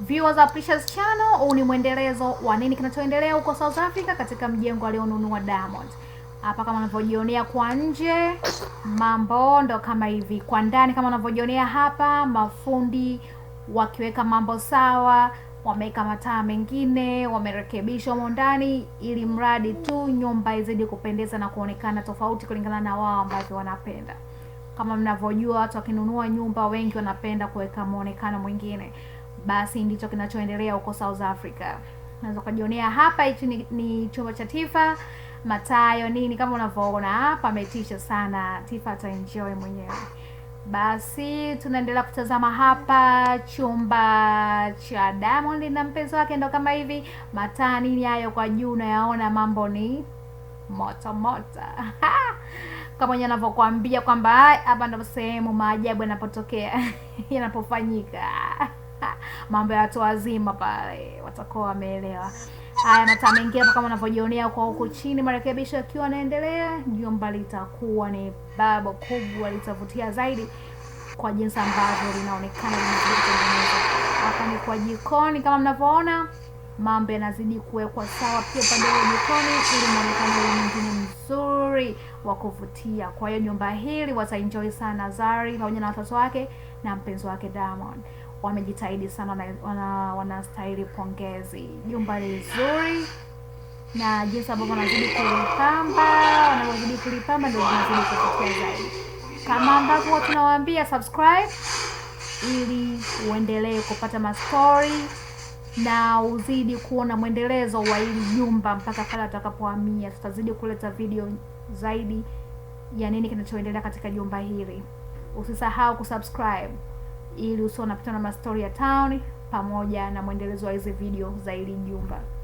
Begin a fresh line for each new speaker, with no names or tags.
Viewers wa Precious Channel, huu ni mwendelezo wa nini kinachoendelea huko South Africa katika mjengo alionunua Diamond. Hapa kama unavyojionea kwa nje mambo ndo kama hivi, kwa ndani kama unavyojionea hapa, mafundi wakiweka mambo sawa, wameweka mataa mengine, wamerekebisha humo ndani, ili mradi tu nyumba izidi kupendeza na kuonekana tofauti kulingana na wao ambavyo wanapenda. Kama mnavyojua, watu wakinunua nyumba wengi wanapenda kuweka muonekano mwingine. Basi ndicho kinachoendelea huko South Africa. Unaweza kujionea hapa, hichi ni, ni chumba cha Tifa, matayo nini, kama unavyoona hapa, ametisha sana. Tifa ataenjoy mwenyewe. Basi tunaendelea kutazama hapa chumba cha Diamond na mpenzi wake, ndo kama hivi mataa nini hayo kwa juu, unayaona mambo ni moto moto. kama wenye anavyokuambia kwamba hapa ndo sehemu maajabu yanapotokea yanapofanyika mambo ya watu wazima pale watakuwa wameelewa. Haya, na taa mengine hapa kama unavyojionea kwa huku chini, marekebisho yakiwa yanaendelea, jumba litakuwa ni babo kubwa, litavutia zaidi kwa jinsi ambavyo linaonekana linavyotengenezwa. Hapa ni kwa jikoni kama mnavyoona, mambo yanazidi kuwekwa sawa pia upande wa jikoni, ili muonekano huu mwingine mzuri wa kuvutia. Kwa hiyo nyumba hili wataenjoy sana Zari pamoja na watoto wake na mpenzi wake Diamond wamejitahidi sana na wana, wanastahili pongezi. Jumba ni na jinsi ambavyo wanazidi kulipamba, wanazidi kulipamba ndio zinazidi kutokea zaidi, kama ambavyo tunawaambia subscribe ili uendelee kupata mastori na uzidi kuona mwendelezo wa hili jumba mpaka pale atakapohamia. Tutazidi kuleta video zaidi ya nini kinachoendelea katika jumba hili. Usisahau kusubscribe ili usio unapitwa na mastori ya town pamoja na mwendelezo wa hizi video za hili jumba.